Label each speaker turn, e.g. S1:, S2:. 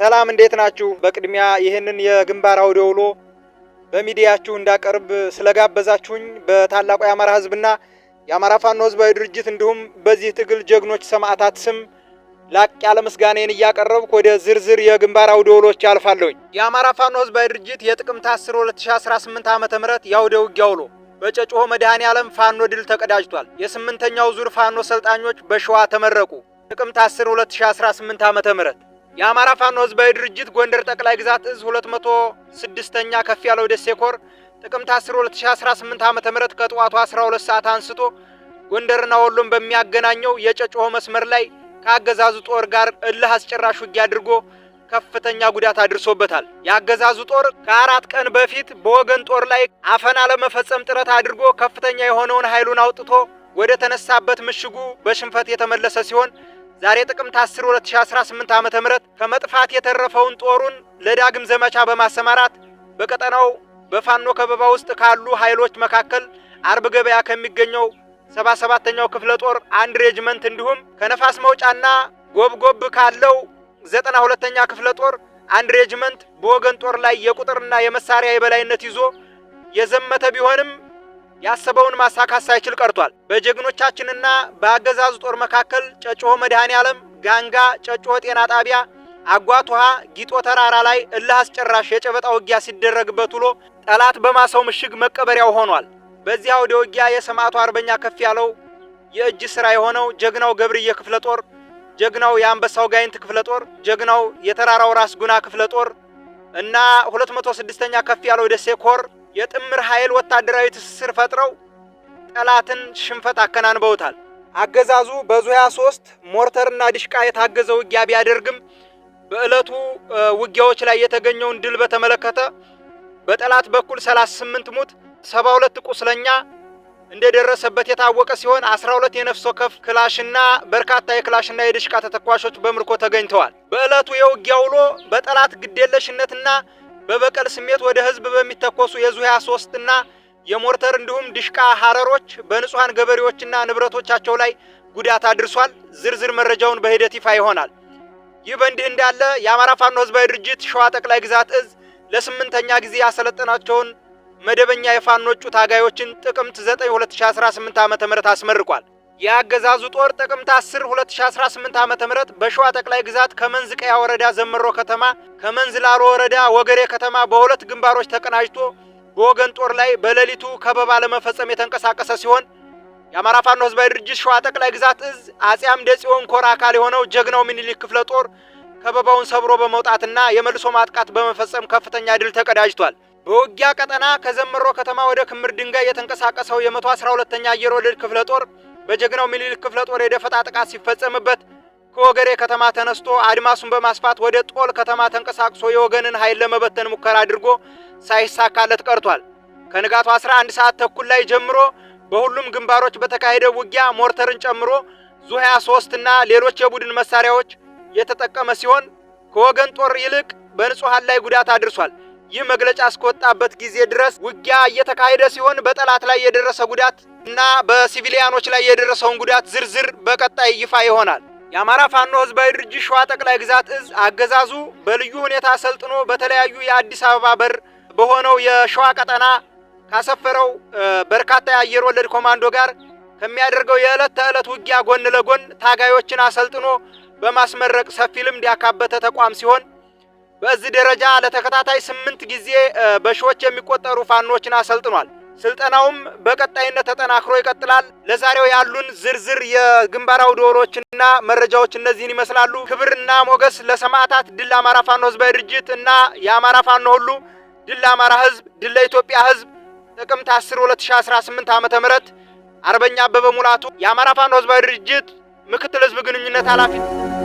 S1: ሰላም እንዴት ናችሁ? በቅድሚያ ይህንን የግንባር አውደ ውሎ በሚዲያችሁ እንዳቀርብ ስለጋበዛችሁኝ በታላቁ የአማራ ህዝብና የአማራ ፋኖ ህዝባዊ ድርጅት እንዲሁም በዚህ ትግል ጀግኖች ሰማዕታት ስም ላቅ ያለ ምስጋናዬን እያቀረብኩ ወደ ዝርዝር የግንባር አውደ ውሎች አልፋለሁኝ። የአማራ ፋኖ ህዝባዊ ድርጅት የጥቅምት 10 2018 ዓ ም የአውደ ውጊያ ውሎ በጨጮሆ መድኃኔ ዓለም ፋኖ ድል ተቀዳጅቷል። የስምንተኛው ዙር ፋኖ ሰልጣኞች በሸዋ ተመረቁ። ጥቅምት 10 2018 ዓ ም የአማራ ፋኖ ህዝባዊ ድርጅት ጎንደር ጠቅላይ ግዛት እዝ 206ኛ ከፍ ያለው ደሴ ኮር ጥቅምት 10 2018 ዓ.ም ከጠዋቱ 12 ሰዓት አንስቶ ጎንደርና ወሎን በሚያገናኘው የጨጮሆ መስመር ላይ ከአገዛዙ ጦር ጋር እልህ አስጨራሽ ውጊያ አድርጎ ከፍተኛ ጉዳት አድርሶበታል። የአገዛዙ ጦር ከአራት ቀን በፊት በወገን ጦር ላይ አፈና ለመፈጸም ጥረት አድርጎ ከፍተኛ የሆነውን ኃይሉን አውጥቶ ወደ ተነሳበት ምሽጉ በሽንፈት የተመለሰ ሲሆን ዛሬ ጥቅምት 10 2018 ዓ.ም ከመጥፋት የተረፈውን ጦሩን ለዳግም ዘመቻ በማሰማራት በቀጠናው በፋኖ ከበባ ውስጥ ካሉ ኃይሎች መካከል አርብ ገበያ ከሚገኘው 77ኛው ክፍለ ጦር አንድ ሬጅመንት እንዲሁም ከነፋስ መውጫና ጎብጎብ ካለው 92ኛ ክፍለ ጦር አንድ ሬጅመንት በወገን ጦር ላይ የቁጥርና የመሳሪያ የበላይነት ይዞ የዘመተ ቢሆንም ያሰበውን ማሳካት ሳይችል ቀርቷል። በጀግኖቻችንና በአገዛዙ ጦር መካከል ጨጮሆ መድኃኔ ዓለም፣ ጋንጋ፣ ጨጮሆ ጤና ጣቢያ፣ አጓት ውሃ፣ ጊጦ ተራራ ላይ እልህ አስጨራሽ የጨበጣ ውጊያ ሲደረግበት ውሎ ጠላት በማሰው ምሽግ መቀበሪያው ሆኗል። በዚያ ወደ ውጊያ የሰማዕቱ አርበኛ ከፍ ያለው የእጅ ሥራ የሆነው ጀግናው ገብርዬ ክፍለ ጦር፣ ጀግናው የአንበሳው ጋይንት ክፍለ ጦር፣ ጀግናው የተራራው ራስ ጉና ክፍለ ጦር እና 206ኛ ከፍ ያለው ደሴ ኮር የጥምር ኃይል ወታደራዊ ትስስር ፈጥረው ጠላትን ሽንፈት አከናንበውታል። አገዛዙ በዙያ ሶስት ሞርተርና ዲሽቃ የታገዘ ውጊያ ቢያደርግም በዕለቱ ውጊያዎች ላይ የተገኘውን ድል በተመለከተ በጠላት በኩል 38 ሙት፣ 72 ቁስለኛ እንደደረሰበት የታወቀ ሲሆን 12 የነፍስ ወከፍ ክላሽና በርካታ የክላሽና የድሽቃ ተተኳሾች በምርኮ ተገኝተዋል። በዕለቱ የውጊያ ውሎ በጠላት ግዴለሽነትና በበቀል ስሜት ወደ ህዝብ በሚተኮሱ የዙ 23 እና የሞርተር እንዲሁም ዲሽቃ ሀረሮች በንጹሐን ገበሬዎችና ንብረቶቻቸው ላይ ጉዳት አድርሷል። ዝርዝር መረጃውን በሂደት ይፋ ይሆናል። ይህ በእንዲህ እንዳለ የአማራ ፋኖ ህዝባዊ ድርጅት ሸዋ ጠቅላይ ግዛት እዝ ለስምንተኛ ጊዜ ያሰለጠናቸውን መደበኛ የፋኖ እጩ ታጋዮችን ጥቅምት 9 2018 ዓ.ም አስመርቋል። የአገዛዙ ጦር ጥቅምት 10 2018 ዓ.ም በሸዋ ጠቅላይ ግዛት ከመንዝ ቀያ ወረዳ ዘመሮ ከተማ፣ ከመንዝ ወረዳ ወገሬ ከተማ በሁለት ግንባሮች ተቀናጅቶ በወገን ጦር ላይ በሌሊቱ ከበባ ለመፈጸም የተንቀሳቀሰ ሲሆን የአማራ ፋኖ ህዝባዊ ድርጅት ሸዋ ጠቅላይ ግዛት እዝ አጼ አምደ ጽዮን ኮር አካል የሆነው ጀግናው ሚኒሊክ ክፍለ ጦር ከበባውን ሰብሮ በመውጣትና የመልሶ ማጥቃት በመፈጸም ከፍተኛ ድል ተቀዳጅቷል። በውጊያ ቀጠና ከዘመሮ ከተማ ወደ ክምር ድንጋይ የተንቀሳቀሰው የመቶ 12ኛ አየር ወለድ ክፍለ ጦር በጀግናው ምኒልክ ክፍለ ጦር የደፈጣ ጥቃት ሲፈጸምበት ከወገሬ ከተማ ተነስቶ አድማሱን በማስፋት ወደ ጦል ከተማ ተንቀሳቅሶ የወገንን ኃይል ለመበተን ሙከራ አድርጎ ሳይሳካለት ቀርቷል። ከንጋቱ 11 ሰዓት ተኩል ላይ ጀምሮ በሁሉም ግንባሮች በተካሄደ ውጊያ ሞርተርን ጨምሮ ዙ 23 እና ሌሎች የቡድን መሳሪያዎች የተጠቀመ ሲሆን ከወገን ጦር ይልቅ በንጹሐን ላይ ጉዳት አድርሷል። ይህ መግለጫ እስከወጣበት ጊዜ ድረስ ውጊያ እየተካሄደ ሲሆን በጠላት ላይ የደረሰ ጉዳት እና በሲቪሊያኖች ላይ የደረሰውን ጉዳት ዝርዝር በቀጣይ ይፋ ይሆናል። የአማራ ፋኖ ህዝባዊ ድርጅት ሸዋ ጠቅላይ ግዛት እዝ አገዛዙ በልዩ ሁኔታ ሰልጥኖ በተለያዩ የአዲስ አበባ በር በሆነው የሸዋ ቀጠና ካሰፈረው በርካታ የአየር ወለድ ኮማንዶ ጋር ከሚያደርገው የዕለት ተዕለት ውጊያ ጎን ለጎን ታጋዮችን አሰልጥኖ በማስመረቅ ሰፊ ልምድ ያካበተ ተቋም ሲሆን በዚህ ደረጃ ለተከታታይ ስምንት ጊዜ በሺዎች የሚቆጠሩ ፋኖችን አሰልጥኗል። ስልጠናውም በቀጣይነት ተጠናክሮ ይቀጥላል። ለዛሬው ያሉን ዝርዝር የግንባር አውደ ውሎችና መረጃዎች እነዚህን ይመስላሉ። ክብርና ሞገስ ለሰማዕታት! ድል አማራ ፋኖ ህዝባዊ ድርጅት እና የአማራ ፋኖ ሁሉ ድል አማራ ህዝብ፣ ድል ለኢትዮጵያ ህዝብ። ጥቅምት 10 2018 ዓ.ም አርበኛ አበበ ሙላቱ የአማራ ፋኖ ህዝባዊ ድርጅት ምክትል ህዝብ ግንኙነት ኃላፊ